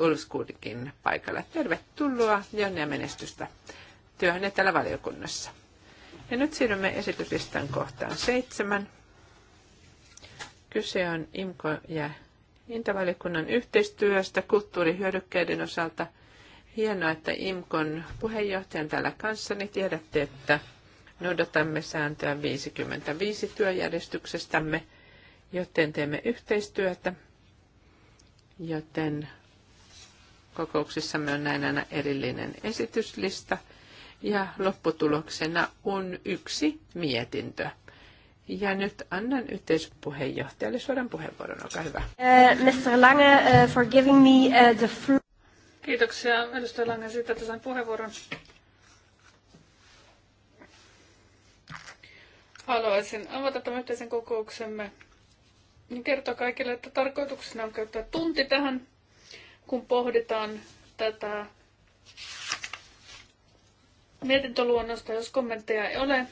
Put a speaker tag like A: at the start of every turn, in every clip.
A: Ulskuudikin paikalla. Tervetuloa ja onnea menestystä työhön täällä valiokunnassa. Ja nyt siirrymme esityslistan kohtaan seitsemän. Kyse on IMKO- ja Intavaliokunnan yhteistyöstä kulttuurihyödykkeiden osalta. Hienoa, että IMKON puheenjohtajan täällä kanssani tiedätte, että noudatamme sääntöä 55 työjärjestyksestämme, joten teemme yhteistyötä, joten kokouksissamme on näin aina erillinen esityslista ja lopputuloksena on yksi mietintö. Ja nyt annan yhteispuheenjohtajalle suoran puheenvuoron, olkaa hyvä. Uh, eh, Mr. Lange, uh, for giving me uh, the floor.
B: Kiitoksia edustaja Lange siitä, että sain puheenvuoron. Haluaisin avata tämän yhteisen kokouksemme ja niin kertoa kaikille, että tarkoituksena on käyttää tunti tähän kun pohditaan tätä mietintöluonnosta, jos kommentteja ei ole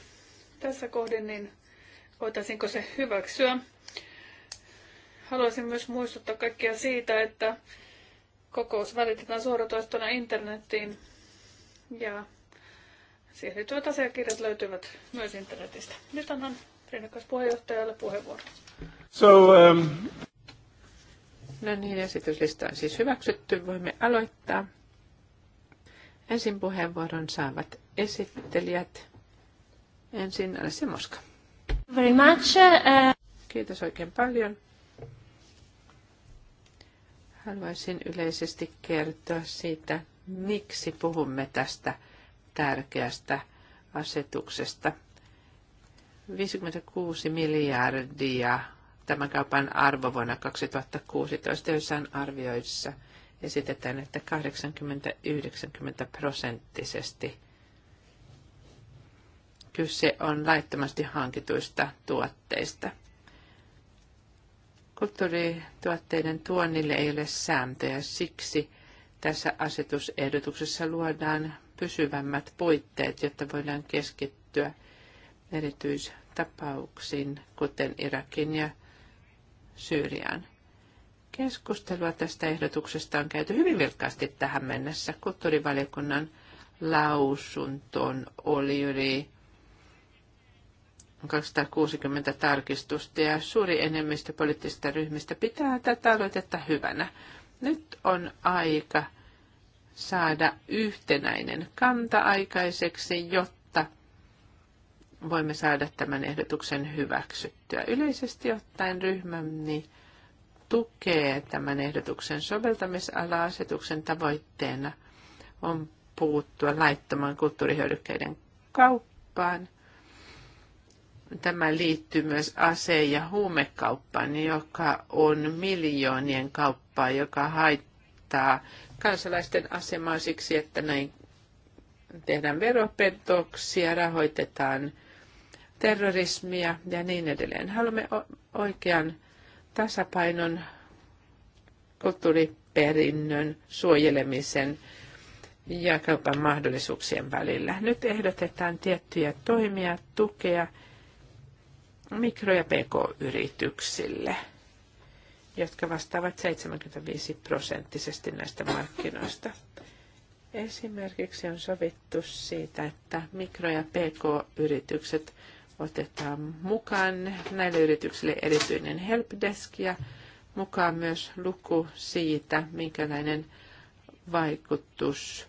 B: tässä kohdin, niin voitaisiinko se hyväksyä. Haluaisin myös muistuttaa kaikkia siitä, että kokous välitetään suoratoistona internettiin ja siihen liittyvät asiakirjat löytyvät myös internetistä. Nyt annan rinnakkaispuheenjohtajalle puheenvuoron.
A: So, um... No niin, esityslista on siis hyväksytty. Voimme aloittaa. Ensin puheenvuoron saavat esittelijät. Ensin Alessi Moska. Very much. Uh... Kiitos oikein paljon. Haluaisin yleisesti kertoa siitä, miksi puhumme tästä tärkeästä asetuksesta. 56 miljardia tämän kaupan arvo vuonna 2016, joissain arvioissa esitetään, että 80-90 prosenttisesti kyse on laittomasti hankituista tuotteista. Kulttuurituotteiden tuonnille ei ole sääntöjä, siksi tässä asetusehdotuksessa luodaan pysyvämmät puitteet, jotta voidaan keskittyä erityistapauksiin, kuten Irakin ja Syyriaan. Keskustelua tästä ehdotuksesta on käyty hyvin vilkkaasti tähän mennessä. Kulttuurivaliokunnan lausuntoon oli yli 260 tarkistusta ja suuri enemmistö poliittisista ryhmistä pitää tätä aloitetta hyvänä. Nyt on aika saada yhtenäinen kanta aikaiseksi, jotta voimme saada tämän ehdotuksen hyväksyttyä. Yleisesti ottaen ryhmämme tukee tämän ehdotuksen soveltamisala-asetuksen tavoitteena on puuttua laittamaan kulttuurihyödykkeiden kauppaan. Tämä liittyy myös ase- ja huumekauppaan, joka on miljoonien kauppaa, joka haittaa kansalaisten asemaa siksi, että näin tehdään veropetoksia, rahoitetaan – terrorismia ja niin edelleen. Haluamme oikean tasapainon kulttuuriperinnön suojelemisen ja kaupan mahdollisuuksien välillä. Nyt ehdotetaan tiettyjä toimia, tukea mikro- ja pk-yrityksille, jotka vastaavat 75 prosenttisesti näistä markkinoista. Esimerkiksi on sovittu siitä, että mikro- ja pk-yritykset otetaan mukaan näille yrityksille erityinen helpdesk ja mukaan myös luku siitä, minkälainen vaikutus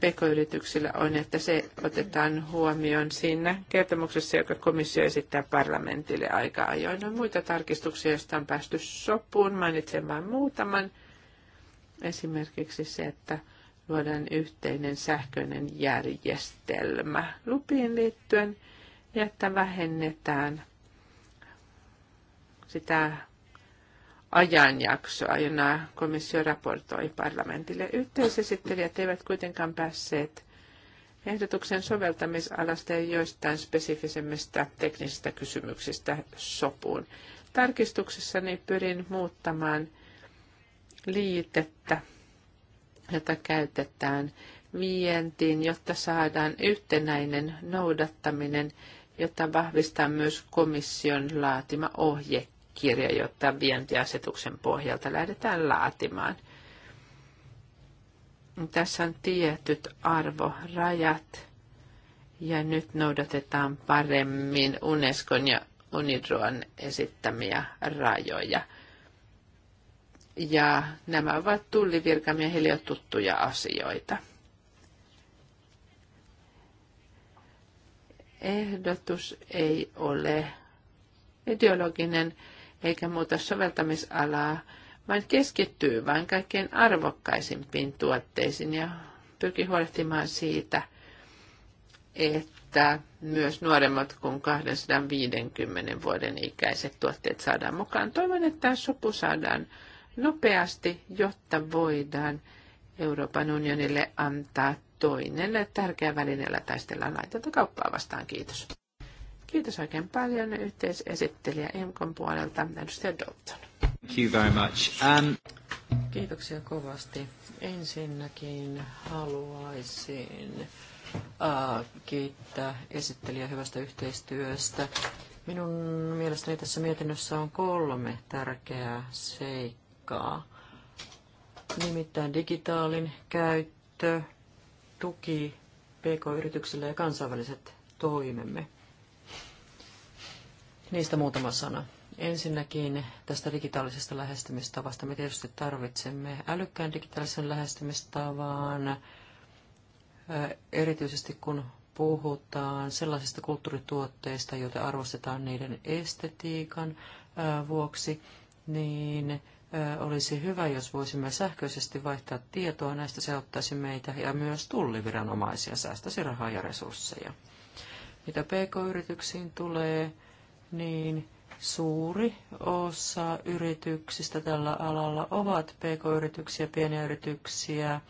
A: pekoyrityksillä on, että se otetaan huomioon siinä kertomuksessa, joka komissio esittää parlamentille aika ajoin. On muita tarkistuksia, joista on päästy sopuun. Mainitsen vain muutaman. Esimerkiksi se, että luodaan yhteinen sähköinen järjestelmä lupiin liittyen ja että vähennetään sitä ajanjaksoa, jona komissio raportoi parlamentille. Yhteisesittelijät eivät kuitenkaan päässeet ehdotuksen soveltamisalasta ja joistain spesifisemmistä teknisistä kysymyksistä sopuun. Tarkistuksessani pyrin muuttamaan liitettä jota käytetään vientiin, jotta saadaan yhtenäinen noudattaminen, jota vahvistaa myös komission laatima ohjekirja, jota vientiasetuksen pohjalta lähdetään laatimaan. Tässä on tietyt arvorajat ja nyt noudatetaan paremmin Unescon ja UNIDROAN esittämiä rajoja – ja nämä ovat tullivirkamiehille jo tuttuja asioita. Ehdotus ei ole ideologinen eikä muuta soveltamisalaa, vaan keskittyy vain kaikkein arvokkaisimpiin tuotteisiin ja pyrkii huolehtimaan siitä, että myös nuoremmat kuin 250 vuoden ikäiset tuotteet saadaan mukaan. Toivon, että sopu saadaan nopeasti, jotta voidaan Euroopan unionille antaa toinen tärkeä välineellä taistella laitonta kauppaa vastaan. Kiitos. Kiitos oikein paljon yhteisesittelijä EMKon puolelta, edustaja Dalton.
C: Thank you very much. Um... Kiitoksia kovasti. Ensinnäkin haluaisin uh, kiittää esittelijä hyvästä yhteistyöstä. Minun mielestäni tässä mietinnössä on kolme tärkeää seikkaa aikaa. Nimittäin digitaalin käyttö, tuki PK-yrityksille ja kansainväliset toimemme. Niistä muutama sana. Ensinnäkin tästä digitaalisesta lähestymistavasta me tietysti tarvitsemme älykkään digitaalisen lähestymistavan, erityisesti kun puhutaan sellaisista kulttuurituotteista, joita arvostetaan niiden estetiikan vuoksi, niin olisi hyvä, jos voisimme sähköisesti vaihtaa tietoa näistä, se auttaisi meitä ja myös tulliviranomaisia, säästäisi rahaa ja resursseja. Mitä pk-yrityksiin tulee, niin suuri osa yrityksistä tällä alalla ovat pk-yrityksiä, pieniä yrityksiä,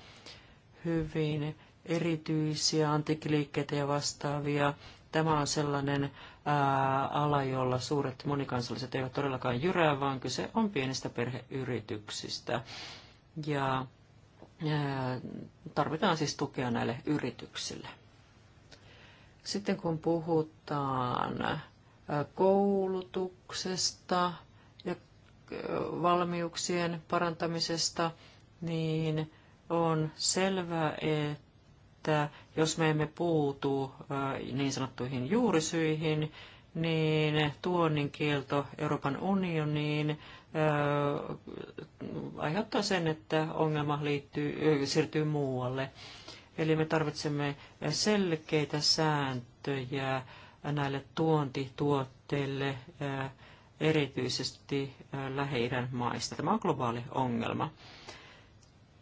C: hyvin erityisiä antikiliikkeitä ja vastaavia. Tämä on sellainen ala, jolla suuret monikansalliset eivät todellakaan jyrää, vaan kyse on pienistä perheyrityksistä. Ja tarvitaan siis tukea näille yrityksille. Sitten kun puhutaan koulutuksesta ja valmiuksien parantamisesta, niin on selvää, että että jos me emme puutu niin sanottuihin juurisyihin, niin tuonnin kielto Euroopan unioniin aiheuttaa sen, että ongelma liittyy, siirtyy muualle. Eli me tarvitsemme selkeitä sääntöjä näille tuontituotteille, erityisesti lähi maista. Tämä on globaali ongelma.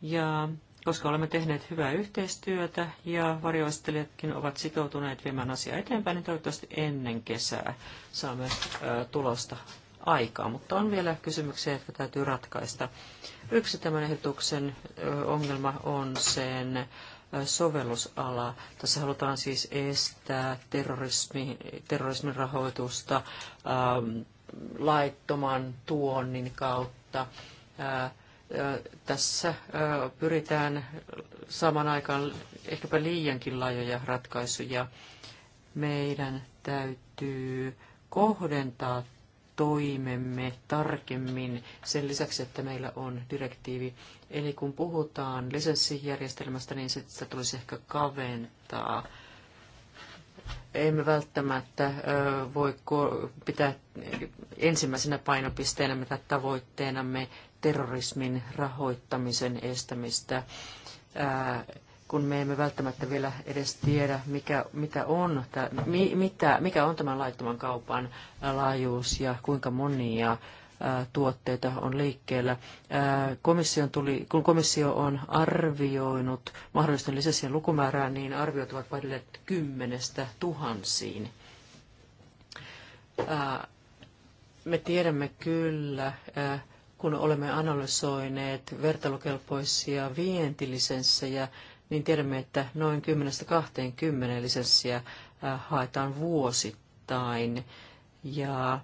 C: Ja koska olemme tehneet hyvää yhteistyötä ja varjoistelijatkin ovat sitoutuneet viemään asiaa eteenpäin, niin toivottavasti ennen kesää saamme tulosta aikaa, mutta on vielä kysymyksiä, jotka täytyy ratkaista. Yksi tämän ehdotuksen ongelma on sen sovellusala. Tässä halutaan siis estää terrorismi, terrorismin rahoitusta ähm, laittoman tuonnin kautta. Äh, tässä pyritään saman aikaan ehkäpä liiankin laajoja ratkaisuja. Meidän täytyy kohdentaa toimemme tarkemmin sen lisäksi, että meillä on direktiivi. Eli kun puhutaan lisenssijärjestelmästä, niin sitä tulisi ehkä kaventaa emme välttämättä voi pitää ensimmäisenä painopisteenämme tavoitteena tavoitteenamme terrorismin rahoittamisen estämistä, kun me emme välttämättä vielä edes tiedä, mikä, mitä on, mitä, mikä on tämän laittoman kaupan laajuus ja kuinka monia tuotteita on liikkeellä. Komission tuli, kun komissio on arvioinut mahdollisten lisäsien lukumäärää, niin arviot ovat vaihdelleet kymmenestä tuhansiin. Me tiedämme kyllä, kun olemme analysoineet vertailukelpoisia vientilisenssejä, niin tiedämme, että noin 10-20 lisenssiä haetaan vuosittain. Ja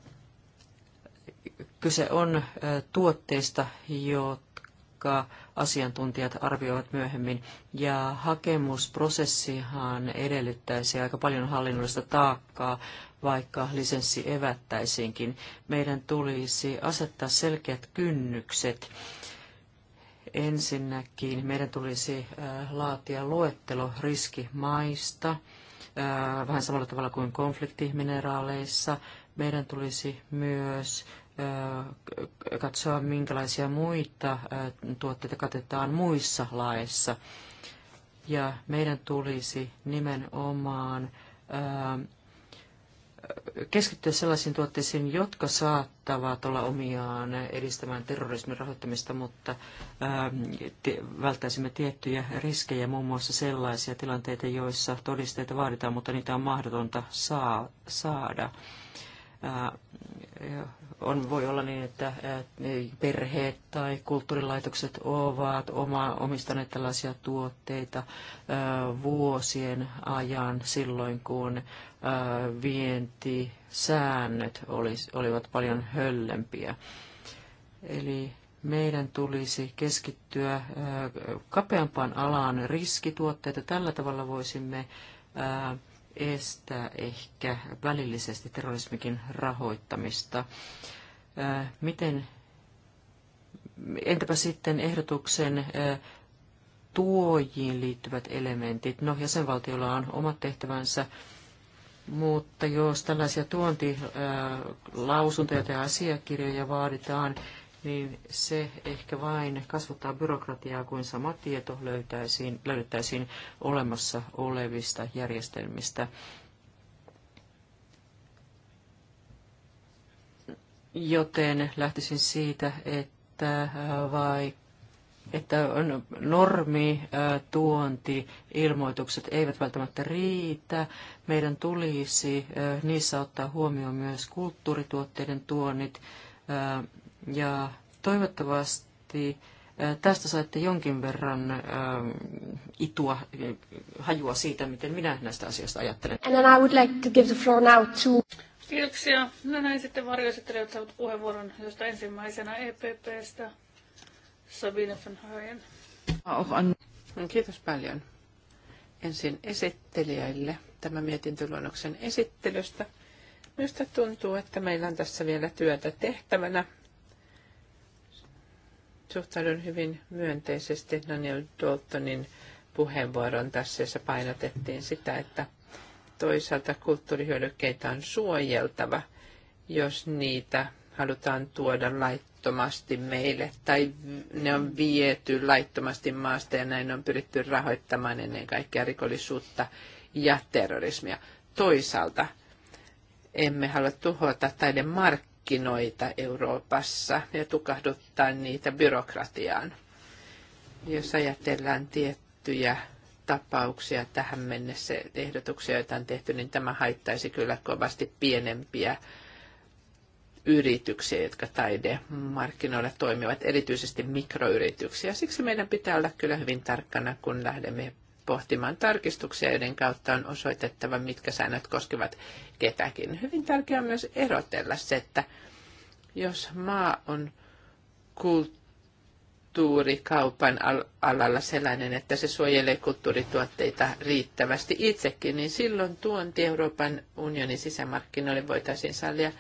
C: kyse on tuotteista, jotka asiantuntijat arvioivat myöhemmin. Ja hakemusprosessihan edellyttäisi aika paljon hallinnollista taakkaa, vaikka lisenssi evättäisiinkin. Meidän tulisi asettaa selkeät kynnykset. Ensinnäkin meidän tulisi laatia luettelo riskimaista, vähän samalla tavalla kuin konfliktimineraaleissa. Meidän tulisi myös katsoa, minkälaisia muita tuotteita katetaan muissa laeissa. Ja meidän tulisi nimenomaan keskittyä sellaisiin tuotteisiin, jotka saattavat olla omiaan edistämään terrorismin rahoittamista, mutta välttäisimme tiettyjä riskejä, muun muassa sellaisia tilanteita, joissa todisteita vaaditaan, mutta niitä on mahdotonta saa, saada on, voi olla niin, että perheet tai kulttuurilaitokset ovat oma, omistaneet tällaisia tuotteita vuosien ajan silloin, kun vientisäännöt olis, olivat paljon höllempiä. Eli meidän tulisi keskittyä kapeampaan alaan riskituotteita. Tällä tavalla voisimme estää ehkä välillisesti terrorismikin rahoittamista. Miten, entäpä sitten ehdotuksen tuojiin liittyvät elementit? No, jäsenvaltiolla on omat tehtävänsä, mutta jos tällaisia tuontilausuntoja tai asiakirjoja vaaditaan, niin se ehkä vain kasvattaa byrokratiaa, kuin sama tieto löytäisiin, löydettäisiin olemassa olevista järjestelmistä. Joten lähtisin siitä, että äh, vai että normi, äh, tuonti, ilmoitukset eivät välttämättä riitä. Meidän tulisi äh, niissä ottaa huomioon myös kulttuurituotteiden tuonnit, ja toivottavasti äh, tästä saitte jonkin verran ähm, itua, äh, hajua siitä, miten minä näistä asioista ajattelen. And
A: then I would like to give the floor now to...
B: Kiitoksia. No näin sitten varjoesittelijät saavat puheenvuoron, josta ensimmäisenä EPPstä Sabine van Hayen.
A: Kiitos paljon ensin esittelijöille tämä mietintöluonnoksen esittelystä. Minusta tuntuu, että meillä on tässä vielä työtä tehtävänä suhtaudun hyvin myönteisesti Daniel Daltonin puheenvuoron tässä, jossa painotettiin sitä, että toisaalta kulttuurihyödykkeitä on suojeltava, jos niitä halutaan tuoda laittomasti meille, tai ne on viety laittomasti maasta ja näin on pyritty rahoittamaan ennen kaikkea rikollisuutta ja terrorismia. Toisaalta emme halua tuhota taiden markkinoita markkinoita Euroopassa ja tukahduttaa niitä byrokratiaan. Jos ajatellaan tiettyjä tapauksia tähän mennessä, ehdotuksia, joita on tehty, niin tämä haittaisi kyllä kovasti pienempiä yrityksiä, jotka taidemarkkinoilla toimivat, erityisesti mikroyrityksiä. Siksi meidän pitää olla kyllä hyvin tarkkana, kun lähdemme pohtimaan tarkistuksia, joiden kautta on osoitettava, mitkä säännöt koskevat ketäkin. Hyvin tärkeää on myös erotella se, että jos maa on kulttuurikaupan alalla sellainen, että se suojelee kulttuurituotteita riittävästi itsekin, niin silloin tuonti Euroopan unionin sisämarkkinoille voitaisiin sallia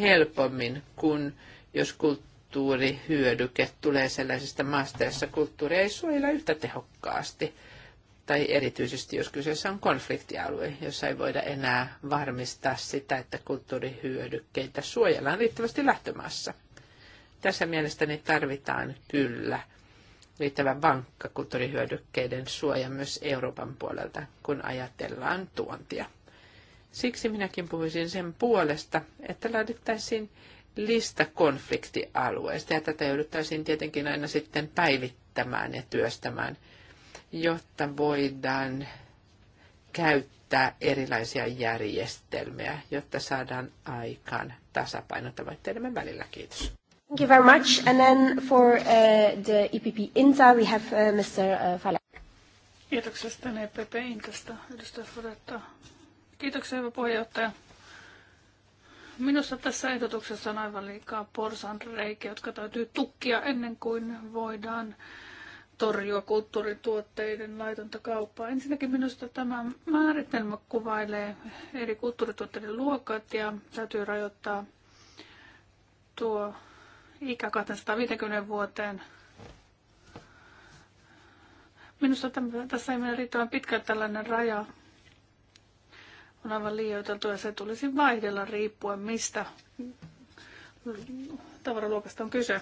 A: helpommin kuin jos kulttuuri kulttuurihyödyke tulee sellaisesta maasta, jossa kulttuuri ei suojella yhtä tehokkaasti tai erityisesti jos kyseessä on konfliktialue, jossa ei voida enää varmistaa sitä, että kulttuurihyödykkeitä suojellaan riittävästi lähtömaassa. Tässä mielestäni tarvitaan kyllä riittävän vankka kulttuurihyödykkeiden suoja myös Euroopan puolelta, kun ajatellaan tuontia. Siksi minäkin puhuisin sen puolesta, että laadittaisiin lista konfliktialueista, ja tätä jouduttaisiin tietenkin aina sitten päivittämään ja työstämään – jotta voidaan käyttää erilaisia järjestelmiä, jotta saadaan aikaan tasapaino tavoitteidemme välillä. Kiitos. Thank you very much. And then for uh, the EPP INTA, we have uh, Mr. Uh, Fala. Kiitoksia sitten EPP INTAsta,
B: edustaja Fodetta. Kiitoksia, hyvä puheenjohtaja. Minusta tässä ehdotuksessa on aivan liikaa porsan reikiä, jotka täytyy tukkia ennen kuin voidaan torjua kulttuurituotteiden laitonta kauppaa. Ensinnäkin minusta tämä määritelmä kuvailee eri kulttuurituotteiden luokat ja täytyy rajoittaa tuo ikä 250 vuoteen. Minusta tämän, tässä ei mene riittävän pitkä tällainen raja. On aivan liioiteltu ja se tulisi vaihdella riippuen mistä tavaraluokasta on kyse.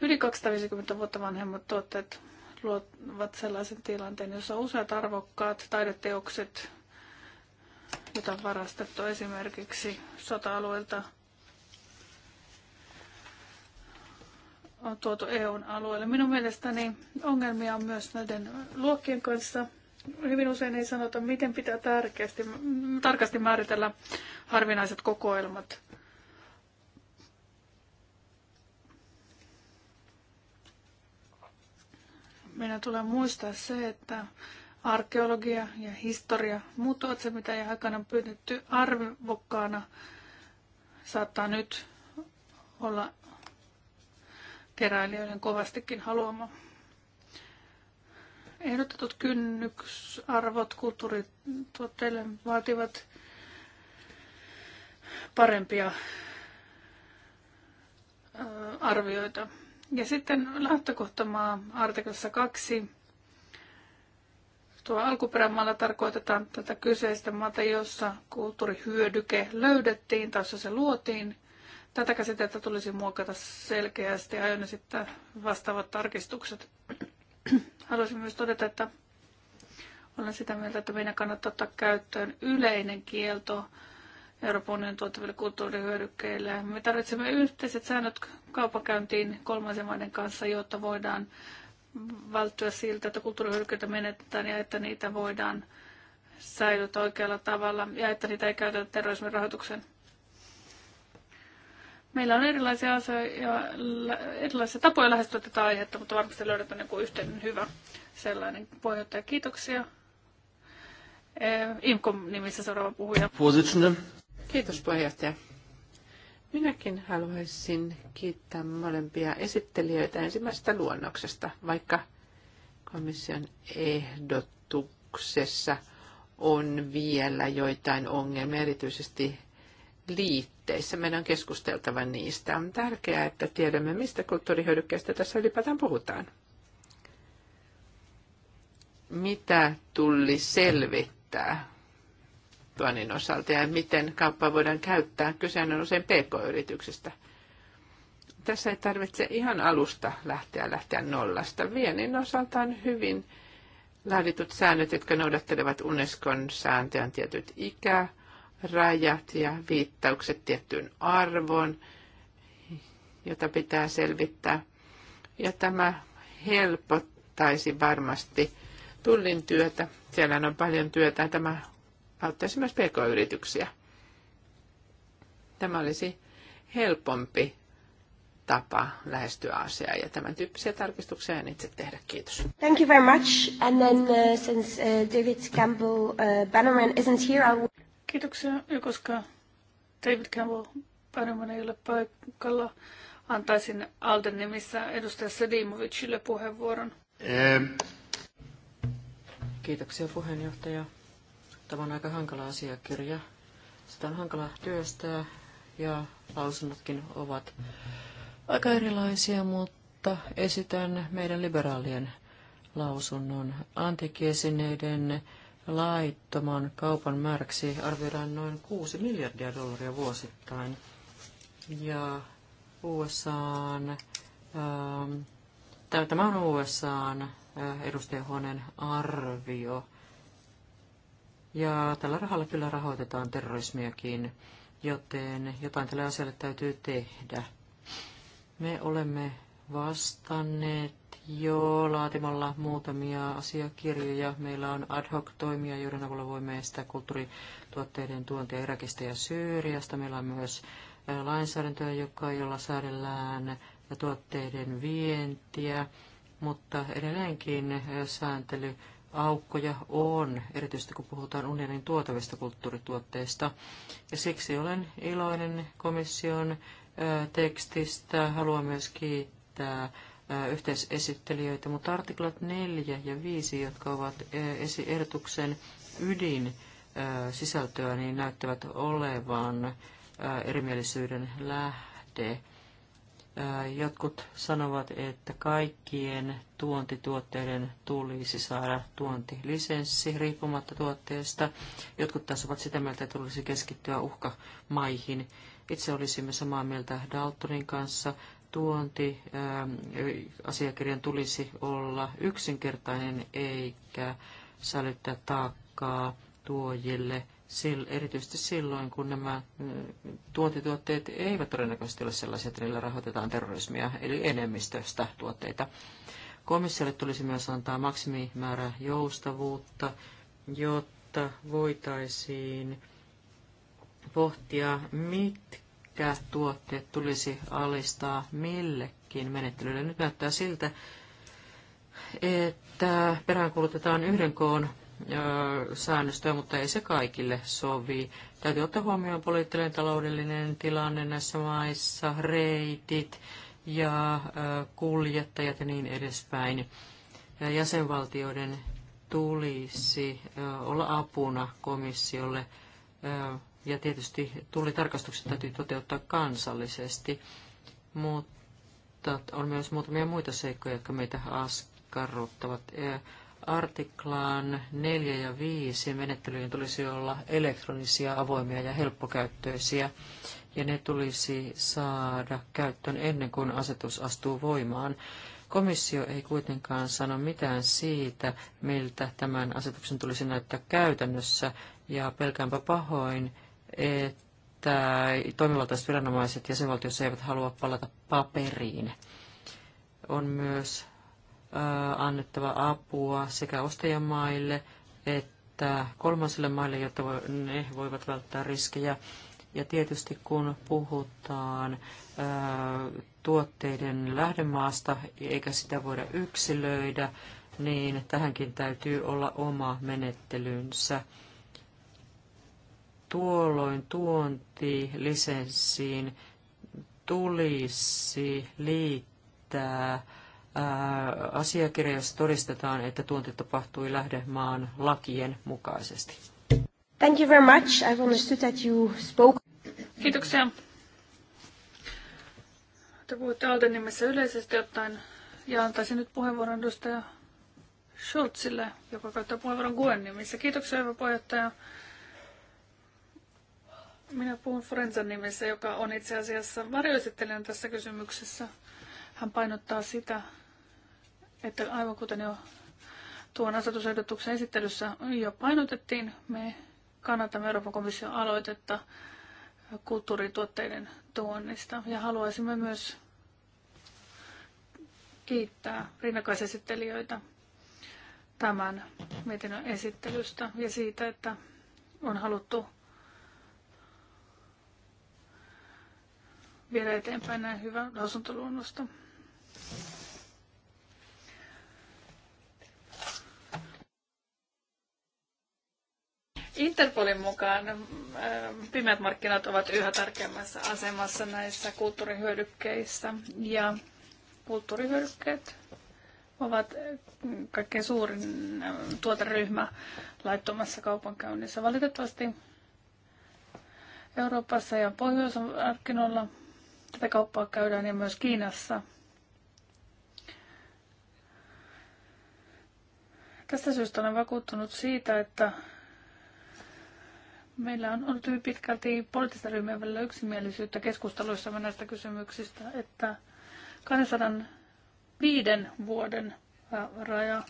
B: Yli 250 vuotta vanhemmat tuotteet luovat sellaisen tilanteen, jossa useat arvokkaat taideteokset, joita on varastettu esimerkiksi sota-alueelta, on tuotu EUn alueelle. Minun mielestäni ongelmia on myös näiden luokkien kanssa. Hyvin usein ei sanota, miten pitää tärkeästi, tarkasti määritellä harvinaiset kokoelmat. Meidän tulee muistaa se, että arkeologia ja historia, muuttuvat se, mitä ei aikana pyytetty arvokkaana, saattaa nyt olla keräilijöiden kovastikin haluama. Ehdotetut kynnyksarvot kulttuurituotteille vaativat parempia arvioita ja sitten lähtökohtamaa artiklassa 2. Tuo alkuperämaalla tarkoitetaan tätä kyseistä maata, jossa kulttuurihyödyke löydettiin tai jossa se luotiin. Tätä käsitettä tulisi muokata selkeästi ja aion sitten vastaavat tarkistukset. Haluaisin myös todeta, että olen sitä mieltä, että meidän kannattaa ottaa käyttöön yleinen kielto Euroopan unionin tuottaville kulttuurihyödykkeille. Me tarvitsemme yhteiset säännöt kaupakäyntiin kolmansien maiden kanssa, jotta voidaan välttyä siltä, että kulttuurihyödykkeitä menetetään ja että niitä voidaan säilyttää oikealla tavalla ja että niitä ei käytetä terrorismin rahoitukseen. Meillä on erilaisia, asioita, erilaisia tapoja lähestyä tätä aihetta, mutta varmasti löydetään joku yhteinen hyvä sellainen. Puheenjohtaja, kiitoksia. IMKOM nimissä seuraava puhuja.
A: Kiitos puheenjohtaja. Minäkin haluaisin kiittää molempia esittelijöitä ensimmäisestä luonnoksesta, vaikka komission ehdotuksessa on vielä joitain ongelmia, erityisesti liitteissä. Meidän on keskusteltava niistä. On tärkeää, että tiedämme, mistä kulttuurihyödykkeistä tässä ylipäätään puhutaan. Mitä tulli selvittää? tuonnin osalta ja miten kauppaa voidaan käyttää. Kysehän on usein pk-yrityksestä. Tässä ei tarvitse ihan alusta lähteä lähteä nollasta. Viennin osalta on hyvin laaditut säännöt, jotka noudattelevat Unescon sääntöjä, tietyt ikärajat ja viittaukset tiettyyn arvoon, jota pitää selvittää. Ja tämä helpottaisi varmasti tullin työtä. Siellä on paljon työtä. Tämä auttaisi myös pk-yrityksiä. Tämä olisi helpompi tapa lähestyä asiaa ja tämän tyyppisiä tarkistuksia en itse tehdä. Kiitos. Thank you very much. And then uh, since uh, David Campbell uh, Bannerman isn't here, I will...
B: Kiitoksia. Ja koska David Campbell Bannerman ei ole paikalla, antaisin Alden nimissä edustaja Sedimovicille puheenvuoron.
C: Um. Kiitoksia puheenjohtaja. Tämä on aika hankala asiakirja. Sitä on hankala työstää ja lausunnotkin ovat aika erilaisia, mutta esitän meidän liberaalien lausunnon. Antikiesineiden laittoman kaupan määräksi arvioidaan noin 6 miljardia dollaria vuosittain. Ja on, ähm, tämä on USAn äh, edustajahuoneen arvio ja tällä rahalla kyllä rahoitetaan terrorismiakin, joten jotain tälle asialle täytyy tehdä. Me olemme vastanneet jo laatimalla muutamia asiakirjoja. Meillä on ad hoc toimia, joiden avulla voimme estää kulttuurituotteiden tuontia Irakista ja Syyriasta. Meillä on myös lainsäädäntöä, joka, jolla säädellään tuotteiden vientiä, mutta edelleenkin sääntely aukkoja on, erityisesti kun puhutaan unionin tuotavista kulttuurituotteista. Ja siksi olen iloinen komission tekstistä. Haluan myös kiittää yhteisesittelijöitä, mutta artiklat 4 ja 5, jotka ovat ehdotuksen ydin sisältöä, niin näyttävät olevan erimielisyyden lähde. Jotkut sanovat, että kaikkien tuontituotteiden tulisi saada tuontilisenssi riippumatta tuotteesta. Jotkut taas ovat sitä mieltä, että tulisi keskittyä uhkamaihin. Itse olisimme samaa mieltä Daltonin kanssa. Tuonti asiakirjan tulisi olla yksinkertainen eikä sälyttää taakkaa tuojille – erityisesti silloin, kun nämä mm, tuotituotteet eivät todennäköisesti ole sellaisia, että niillä rahoitetaan terrorismia, eli enemmistöstä tuotteita. Komissiolle tulisi myös antaa maksimimäärä joustavuutta, jotta voitaisiin pohtia, mitkä tuotteet tulisi alistaa millekin menettelylle. Nyt näyttää siltä, että peräänkuulutetaan yhden koon säännöstöä, mutta ei se kaikille sovi. Täytyy ottaa huomioon poliittinen taloudellinen tilanne näissä maissa, reitit ja kuljettajat ja niin edespäin. Jäsenvaltioiden tulisi olla apuna komissiolle ja tietysti tullitarkastukset täytyy toteuttaa kansallisesti, mutta on myös muutamia muita seikkoja, jotka meitä askarruttavat. Artiklaan 4 ja 5 menettelyjen tulisi olla elektronisia, avoimia ja helppokäyttöisiä, ja ne tulisi saada käyttöön ennen kuin asetus astuu voimaan. Komissio ei kuitenkaan sano mitään siitä, miltä tämän asetuksen tulisi näyttää käytännössä, ja pelkäänpä pahoin, että toimivaltaiset viranomaiset jäsenvaltiossa eivät halua palata paperiin. On myös annettava apua sekä ostajamaille että kolmansille maille, jotta ne voivat välttää riskejä. Ja tietysti kun puhutaan tuotteiden lähdemaasta eikä sitä voida yksilöidä, niin tähänkin täytyy olla oma menettelynsä. Tuolloin tuontilisenssiin tulisi liittää asiakirja, jossa todistetaan, että tuonti tapahtui lähdemaan lakien mukaisesti.
A: Thank you very much. I've understood that you spoke.
B: Kiitoksia. Te puhutte Alden nimessä yleisesti ottaen ja antaisin nyt puheenvuoron edustaja Schultzille, joka käyttää puheenvuoron Guen nimissä. Kiitoksia, hyvä puheenjohtaja. Minä puhun Forensan nimessä, joka on itse asiassa varjoesittelijän tässä kysymyksessä. Hän painottaa sitä, että aivan kuten jo tuon asetusehdotuksen esittelyssä jo painotettiin, me kannatamme Euroopan komission aloitetta kulttuurituotteiden tuonnista ja haluaisimme myös kiittää rinnakaisesittelijöitä tämän mietinnön esittelystä ja siitä, että on haluttu viedä eteenpäin näin hyvää lausuntoluonnosta. Interpolin mukaan ähm, pimeät markkinat ovat yhä tärkeämmässä asemassa näissä kulttuurihyödykkeissä ja kulttuurihyödykkeet ovat kaikkein suurin ähm, tuoteryhmä laittomassa kaupankäynnissä. Valitettavasti Euroopassa ja Pohjois-markkinoilla tätä kauppaa käydään ja myös Kiinassa. Tästä syystä olen vakuuttunut siitä, että Meillä on ollut hyvin pitkälti poliittisten ryhmien välillä yksimielisyyttä keskusteluissa näistä kysymyksistä, että 205 vuoden raja,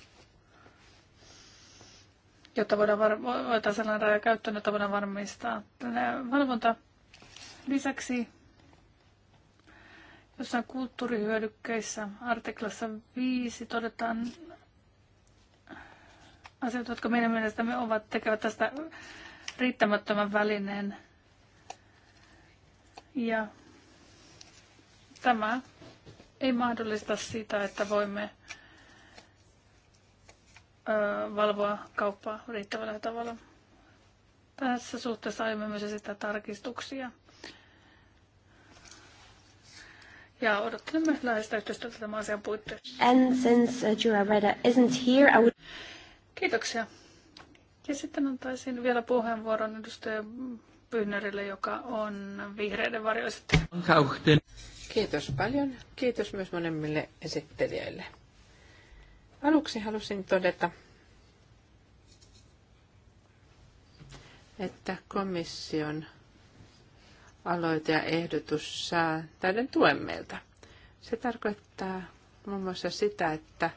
B: jotta voidaan, var- voidaan sellainen raja käyttöön, jotta voidaan varmistaa. Tänä valvonta lisäksi jossain kulttuurihyödykkeissä artiklassa 5 todetaan asioita, jotka meidän mielestämme ovat, tekevät tästä riittämättömän välineen. Ja tämä ei mahdollista sitä, että voimme valvoa kauppaa riittävällä tavalla. Tässä suhteessa aiomme myös esittää tarkistuksia. Ja odottelemme läheistä yhteistyötä tämän asian puitteissa.
A: And since uh, Jura Reda isn't here, I would...
B: Kiitoksia. Ja sitten antaisin vielä puheenvuoron edustaja pyhnerille, joka
A: on vihreiden varjoisettaja. Kiitos paljon. Kiitos myös monemmille esittelijöille. Aluksi halusin todeta, että komission aloite ja ehdotus saa täyden tuen meiltä. Se tarkoittaa muun muassa sitä, että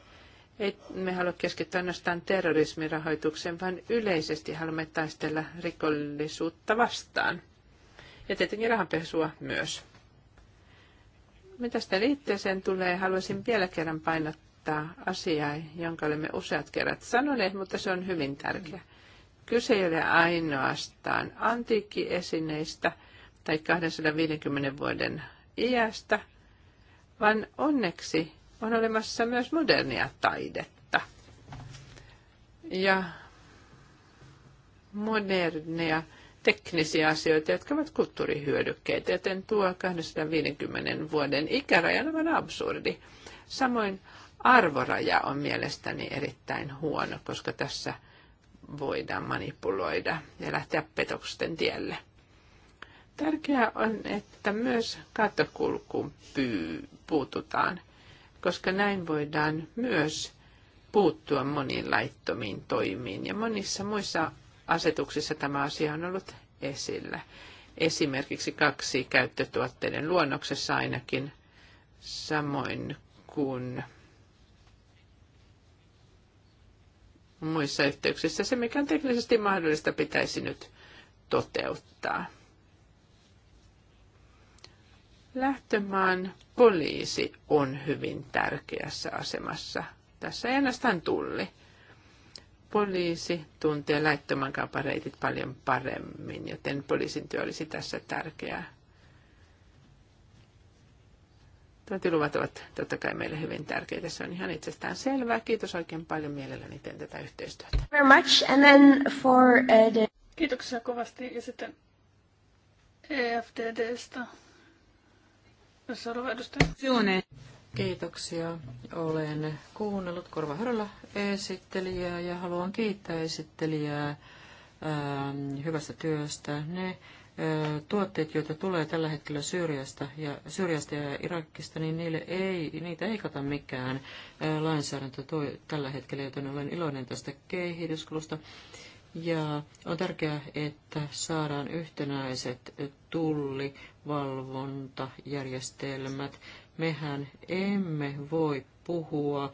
A: ei me halua keskittyä ainoastaan terrorismirahoitukseen, vaan yleisesti haluamme taistella rikollisuutta vastaan. Ja tietenkin rahanpesua myös. Mitä sitä liitteeseen tulee, haluaisin vielä kerran painottaa asiaa, jonka olemme useat kerrat sanoneet, mutta se on hyvin tärkeä. Kyse ei ole ainoastaan antiikkiesineistä tai 250 vuoden iästä, vaan onneksi on olemassa myös modernia taidetta. Ja modernia teknisiä asioita, jotka ovat kulttuurihyödykkeitä, joten tuo 250 vuoden ikäraja on aivan absurdi. Samoin arvoraja on mielestäni erittäin huono, koska tässä voidaan manipuloida ja lähteä petoksen tielle. Tärkeää on, että myös katokulkuun puututaan – koska näin voidaan myös puuttua moniin laittomiin toimiin. Ja monissa muissa asetuksissa tämä asia on ollut esillä. Esimerkiksi kaksi käyttötuotteiden luonnoksessa ainakin, samoin kuin muissa yhteyksissä. Se, mikä on teknisesti mahdollista, pitäisi nyt toteuttaa lähtömaan poliisi on hyvin tärkeässä asemassa. Tässä ei ainoastaan tulli. Poliisi tuntee laittoman kaupan paljon paremmin, joten poliisin työ olisi tässä tärkeää. Tuotiluvat ovat totta kai meille hyvin tärkeitä. Se on ihan itsestään selvää. Kiitos oikein paljon mielelläni teen tätä yhteistyötä. Very much. And then for, uh, the... Kiitoksia kovasti ja sitten
B: EFTDstä. Seuraava edustaja. Sione.
C: Kiitoksia. Olen kuunnellut Hörölä esittelijää ja haluan kiittää esittelijää ää, ähm, hyvästä työstä. Ne ää, äh, tuotteet, joita tulee tällä hetkellä Syyriasta ja, Syyriasta ja Irakista, niin niille ei, niitä ei kata mikään ää, äh, lainsäädäntö toi, tällä hetkellä, joten olen iloinen tästä kehityskulusta. Ja on tärkeää, että saadaan yhtenäiset tulli valvontajärjestelmät. Mehän emme voi puhua ähm,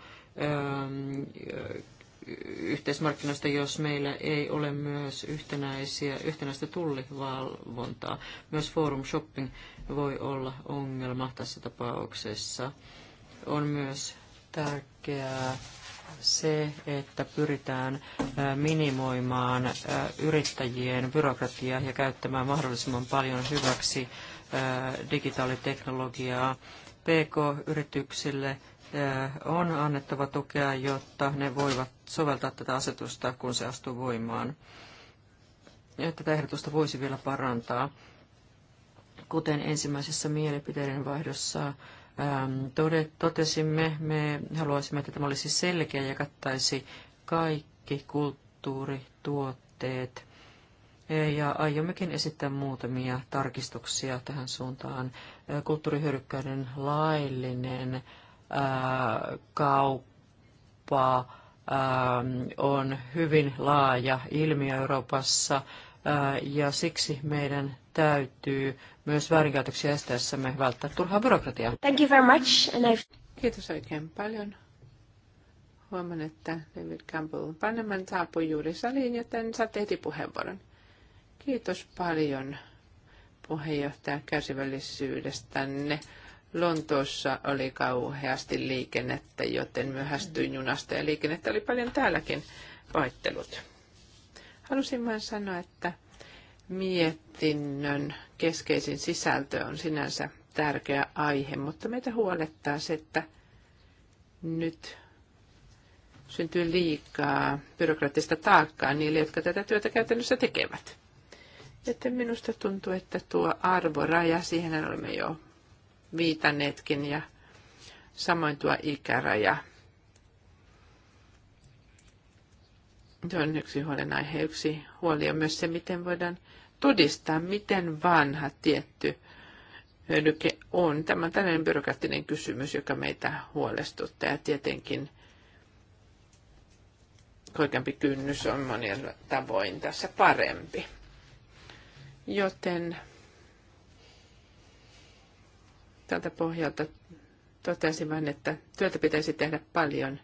C: yhteismarkkinoista, jos meillä ei ole myös yhtenäisiä, yhtenäistä tullivalvontaa. Myös forum shopping voi olla ongelma tässä tapauksessa. On myös tärkeää se, että pyritään minimoimaan yrittäjien byrokratiaa ja käyttämään mahdollisimman paljon hyväksi digitaaliteknologiaa. PK-yrityksille on annettava tukea, jotta ne voivat soveltaa tätä asetusta, kun se astuu voimaan. Ja tätä ehdotusta voisi vielä parantaa. Kuten ensimmäisessä mielipiteiden vaihdossa Ähm, totesimme, me haluaisimme, että tämä olisi selkeä ja kattaisi kaikki kulttuurituotteet. E, ja aiommekin esittää muutamia tarkistuksia tähän suuntaan. E, Kulttuurihyödykkäiden laillinen ää, kauppa ää, on hyvin laaja ilmiö Euroopassa ja siksi meidän täytyy myös väärinkäytöksiä estäessämme välttää turhaa byrokratiaa. Thank you very much.
A: And I've... Kiitos oikein paljon. Huomaan, että David Campbell Bannerman saapui juuri saliin, joten saat heti puheenvuoron. Kiitos paljon puheenjohtaja kärsivällisyydestänne. Lontoossa oli kauheasti liikennettä, joten myöhästyin junasta ja liikennettä oli paljon täälläkin. Paittelut. Halusin vain sanoa, että mietinnön keskeisin sisältö on sinänsä tärkeä aihe, mutta meitä huolettaa se, että nyt syntyy liikaa byrokraattista taakkaa niille, jotka tätä työtä käytännössä tekevät. Että minusta tuntuu, että tuo arvoraja, siihen olemme jo viitanneetkin, ja samoin tuo ikäraja. Se on yksi huolenaihe. Yksi huoli on myös se, miten voidaan todistaa, miten vanha tietty hyödyke on. Tämä on tällainen byrokraattinen kysymys, joka meitä huolestuttaa ja tietenkin korkeampi kynnys on monilla tavoin tässä parempi. Joten tältä pohjalta totesin vain, että työtä pitäisi tehdä paljon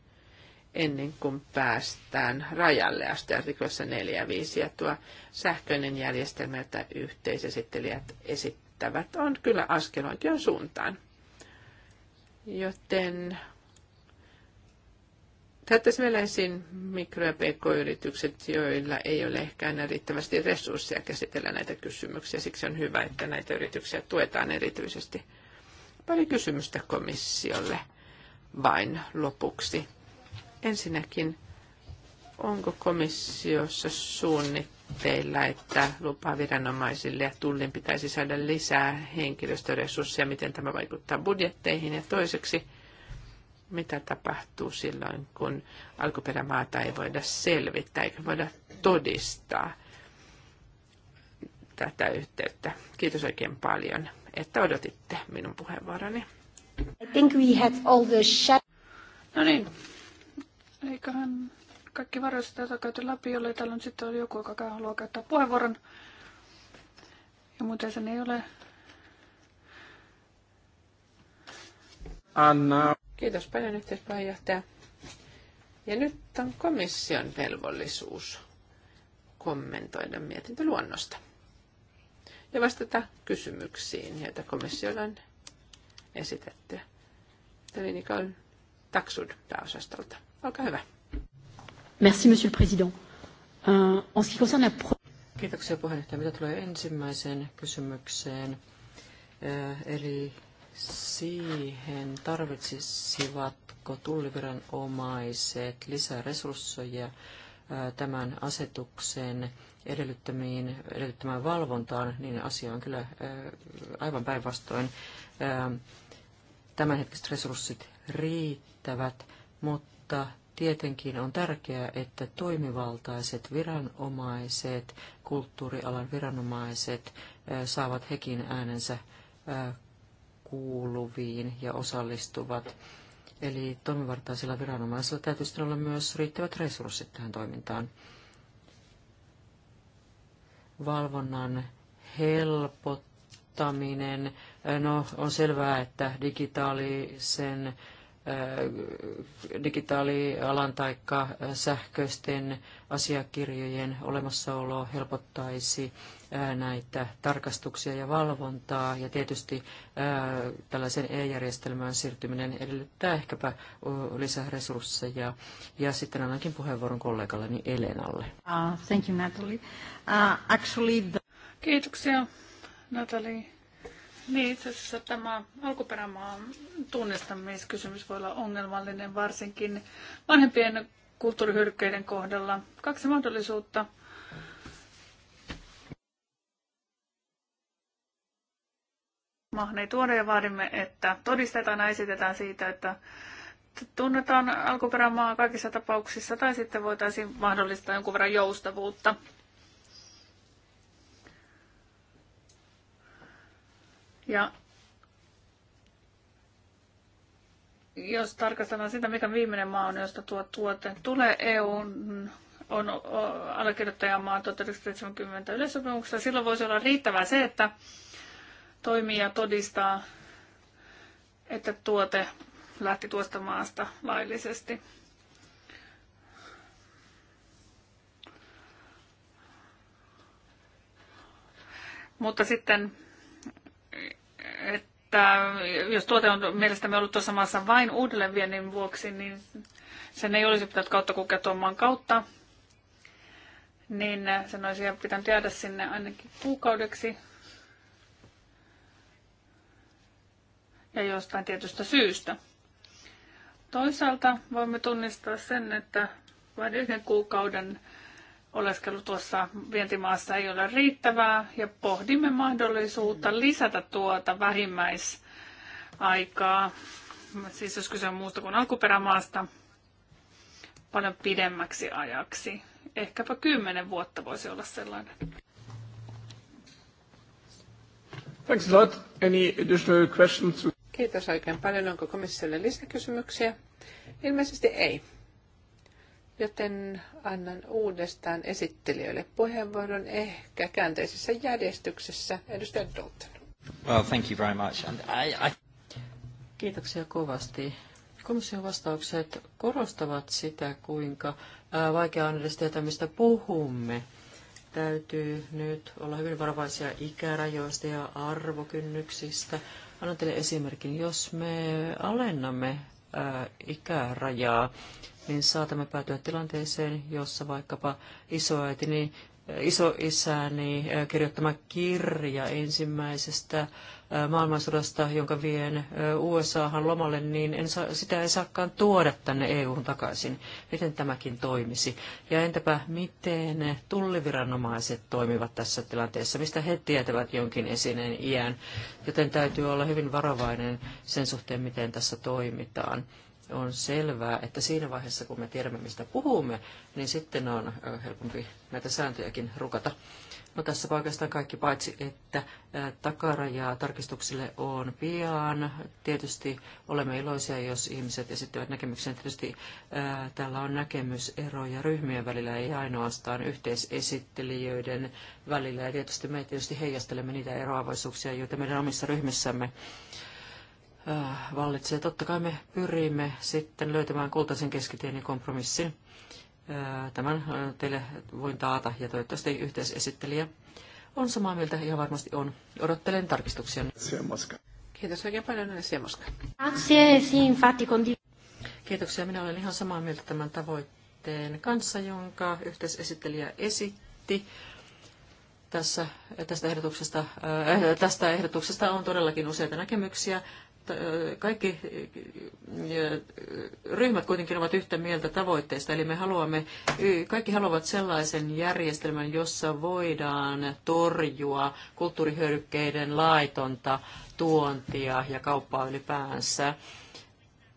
A: ennen kuin päästään rajalle asti artiklassa 4 5. Ja tuo sähköinen järjestelmä, jota yhteisesittelijät esittävät, on kyllä askel oikean suuntaan. Joten Täyttäisi vielä ensin mikro- ja pk-yritykset, joilla ei ole ehkä aina riittävästi resursseja käsitellä näitä kysymyksiä. Siksi on hyvä, että näitä yrityksiä tuetaan erityisesti. Pari kysymystä komissiolle vain lopuksi. Ensinnäkin, onko komissiossa suunnitteilla, että lupaviranomaisille ja tullin pitäisi saada lisää henkilöstöresursseja, miten tämä vaikuttaa budjetteihin ja toiseksi, mitä tapahtuu silloin, kun alkuperämaata ei voida selvittää eikä voida todistaa tätä yhteyttä. Kiitos oikein paljon, että odotitte minun puheenvuoroni. I think we had all the
B: no niin, Eiköhän kaikki varoista tätä käyty läpi, jollei täällä on sitten oli joku, joka haluaa käyttää puheenvuoron. Ja muuten sen ei ole.
A: Anna. Kiitos paljon yhteispuheenjohtaja. Ja nyt on komission velvollisuus kommentoida mietintöluonnosta ja vastata kysymyksiin, joita komissiolla on esitetty. Tämä on
C: Taksud pääosastolta. Olkaa hyvä. Merci, monsieur le président.
B: Uh, en ce qui concerne la...
C: Kiitoksia puheenjohtaja. Mitä tulee ensimmäiseen kysymykseen, äh, eli siihen tarvitsisivatko tulliviranomaiset lisää resursseja äh, tämän asetuksen edellyttämiin, edellyttämään valvontaan, niin asia on kyllä äh, aivan päinvastoin. Tämänhetkiset resurssit riittävät, mutta mutta tietenkin on tärkeää, että toimivaltaiset viranomaiset, kulttuurialan viranomaiset saavat hekin äänensä kuuluviin ja osallistuvat. Eli toimivaltaisilla viranomaisilla täytyy olla myös riittävät resurssit tähän toimintaan. Valvonnan helpottaminen. No, on selvää, että digitaalisen digitaalialan tai sähköisten asiakirjojen olemassaolo helpottaisi näitä tarkastuksia ja valvontaa. Ja tietysti tällaisen e-järjestelmään siirtyminen edellyttää ehkäpä lisäresursseja. Ja sitten annankin puheenvuoron kollegalleni Elenalle.
B: Uh, thank you, Natalie. Uh, actually the... Kiitoksia, Natalie. Niin, itse asiassa tämä alkuperämaan tunnistamiskysymys voi olla ongelmallinen, varsinkin vanhempien kulttuurihyrkkeiden kohdalla. Kaksi mahdollisuutta. Mahnei tuoda ja vaadimme, että todistetaan ja esitetään siitä, että tunnetaan alkuperämaa kaikissa tapauksissa, tai sitten voitaisiin mahdollistaa jonkun verran joustavuutta Ja jos tarkastellaan sitä, mikä viimeinen maa on, josta tuo tuote tulee EUn on allekirjoittajamaa 1970 yleissopimuksessa, silloin voisi olla riittävää se, että toimija todistaa, että tuote lähti tuosta maasta laillisesti. Mutta sitten että jos tuote on mielestämme ollut tuossa maassa vain uudelleenviennin vuoksi, niin sen ei olisi pitänyt kautta kulkea tuon maan kautta, niin sen olisi pitänyt jäädä sinne ainakin kuukaudeksi. Ja jostain tietystä syystä. Toisaalta voimme tunnistaa sen, että vain yhden kuukauden oleskelu tuossa vientimaassa ei ole riittävää ja pohdimme mahdollisuutta lisätä tuota vähimmäisaikaa, siis jos kyse on muusta kuin alkuperämaasta, paljon pidemmäksi ajaksi. Ehkäpä
A: kymmenen vuotta voisi olla sellainen. Thanks a lot. Any additional questions? Kiitos oikein paljon. Onko komissiolle lisäkysymyksiä? Ilmeisesti ei. Joten annan uudestaan esittelijöille puheenvuoron ehkä käänteisessä järjestyksessä. Edustaja Dalton.
C: Well, thank you very much. And I, I... Kiitoksia kovasti. Komission vastaukset korostavat sitä, kuinka vaikea on edes tietää, mistä puhumme. Täytyy nyt olla hyvin varovaisia ikärajoista ja arvokynnyksistä. Annan teille esimerkin. Jos me alennamme ikärajaa, niin saatamme päätyä tilanteeseen, jossa vaikkapa isoäitini isoisäni kirjoittama kirja ensimmäisestä maailmansodasta, jonka vien USAhan lomalle, niin en saa, sitä ei saakaan tuoda tänne EUhun takaisin. Miten tämäkin toimisi? Ja entäpä miten tulliviranomaiset toimivat tässä tilanteessa? Mistä he tietävät jonkin esineen iän? Joten täytyy olla hyvin varovainen sen suhteen, miten tässä toimitaan on selvää, että siinä vaiheessa, kun me tiedämme, mistä puhumme, niin sitten on helpompi näitä sääntöjäkin rukata. No tässä oikeastaan kaikki paitsi, että takarajaa tarkistuksille on pian. Tietysti olemme iloisia, jos ihmiset esittävät näkemyksen. Tietysti ää, täällä on näkemyseroja ryhmien välillä, ei ainoastaan yhteisesittelijöiden välillä. Ja tietysti me tietysti heijastelemme niitä eroavaisuuksia, joita meidän omissa ryhmissämme Äh, vallitsee. Totta kai me pyrimme sitten löytämään kultaisen keskitien ja kompromissin. Äh, tämän äh, teille voin taata ja toivottavasti yhteisesittelijä on samaa mieltä ja varmasti on. Odottelen tarkistuksia. Kiitos oikein paljon, Nessia Moska. Kiitoksia. Minä olen ihan samaa mieltä tämän tavoitteen kanssa, jonka yhteisesittelijä esitti. Tässä, tästä, ehdotuksesta, äh, tästä ehdotuksesta on todellakin useita näkemyksiä kaikki ryhmät kuitenkin ovat yhtä mieltä tavoitteista, eli me haluamme, kaikki haluavat sellaisen järjestelmän, jossa voidaan torjua kulttuurihyödykkeiden laitonta tuontia ja kauppaa ylipäänsä.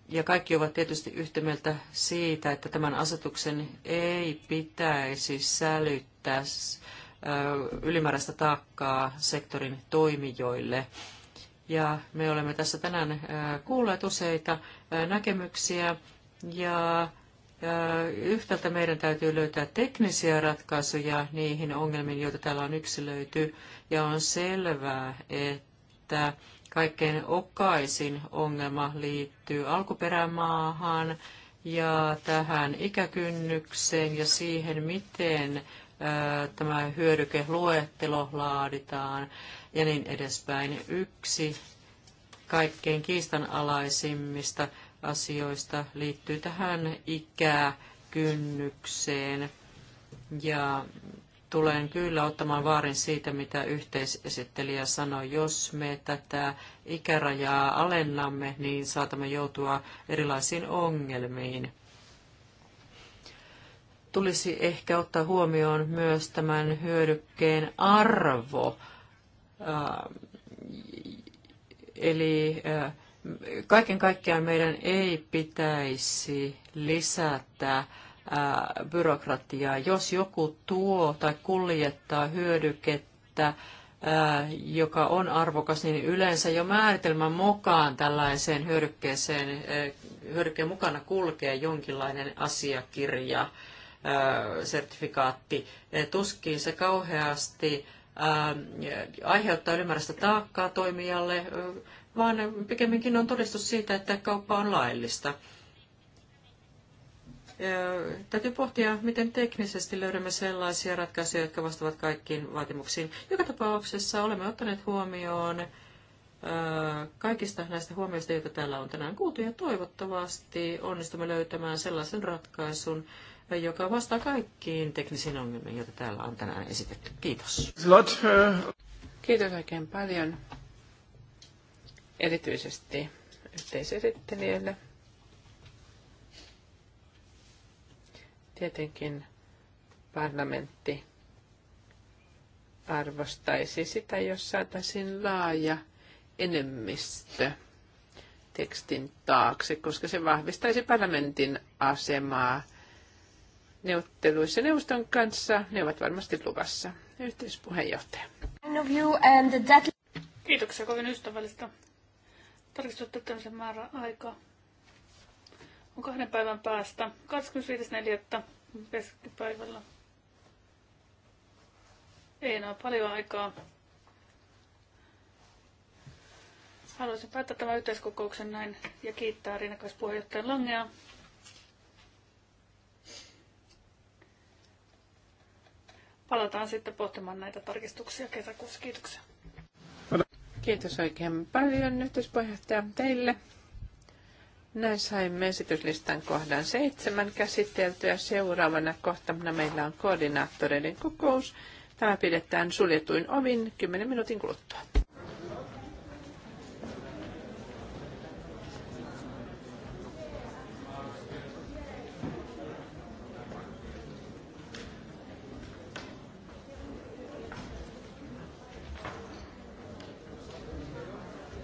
C: Ja kaikki ovat tietysti yhtä mieltä siitä, että tämän asetuksen ei pitäisi sälyttää ylimääräistä taakkaa sektorin toimijoille – ja me olemme tässä tänään kuulleet useita näkemyksiä ja yhtäältä meidän täytyy löytää teknisiä ratkaisuja niihin ongelmiin, joita täällä on yksilöity. Ja on selvää, että kaikkein okaisin ongelma liittyy alkuperämaahan ja tähän ikäkynnykseen ja siihen, miten tämä hyödykeluettelo laaditaan ja niin edespäin. Yksi kaikkein kiistanalaisimmista asioista liittyy tähän ikäkynnykseen. Ja tulen kyllä ottamaan vaarin siitä, mitä yhteisesittelijä sanoi. Jos me tätä ikärajaa alennamme, niin saatamme joutua erilaisiin ongelmiin tulisi ehkä ottaa huomioon myös tämän hyödykkeen arvo. Äh, eli äh, kaiken kaikkiaan meidän ei pitäisi lisätä äh, byrokratiaa. Jos joku tuo tai kuljettaa hyödykettä, joka on arvokas, niin yleensä jo määritelmän mukaan tällaiseen hyödykkeeseen, hyödykkeen mukana kulkee jonkinlainen asiakirja, sertifikaatti. Tuskin se kauheasti aiheuttaa ylimääräistä taakkaa toimijalle, vaan pikemminkin on todistus siitä, että kauppa on laillista. Täytyy pohtia, miten teknisesti löydämme sellaisia ratkaisuja, jotka vastaavat kaikkiin vaatimuksiin. Joka tapauksessa olemme ottaneet huomioon kaikista näistä huomioista, joita täällä on tänään kuultu, ja toivottavasti onnistumme löytämään sellaisen ratkaisun, joka vastaa kaikkiin teknisiin ongelmiin, joita täällä on tänään esitetty. Kiitos. Äh. Kiitos oikein paljon.
A: Erityisesti yhteisesittelijöille. Tietenkin parlamentti arvostaisi sitä, jos saataisiin laaja enemmistö tekstin taakse, koska se vahvistaisi parlamentin asemaa – neuvotteluissa neuvoston kanssa. Ne ovat varmasti luvassa. Yhteispuheenjohtaja. Kiitoksia
B: kovin ystävällistä. Tarkistutte tämmöisen määrä aikaa. On kahden päivän päästä. 25.4. keskipäivällä. Ei enää paljon aikaa. Haluaisin päättää tämän yhteiskokouksen näin ja kiittää rinnakkaispuheenjohtajan Langea Palataan sitten pohtimaan näitä tarkistuksia kesäkuussa. Kiitoksia.
A: Kiitos oikein paljon yhteispuheenjohtaja teille. Näin saimme esityslistan kohdan seitsemän käsiteltyä. Seuraavana kohtana meillä on koordinaattoreiden kokous. Tämä pidetään suljetuin ovin 10 minuutin kuluttua.